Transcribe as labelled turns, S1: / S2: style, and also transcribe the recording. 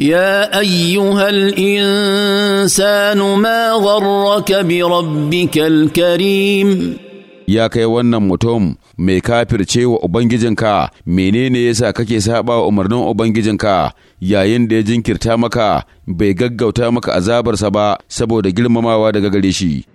S1: يا ايها الانسان ما غرك
S2: بربك الكريم ya kai wannan mutum mai kafirce wa ubangijinka menene yasa kake saba wa umarnin ubangijinka yayin da ya jinkirta maka bai gaggauta maka azabarsa ba saboda girmamawa daga gare shi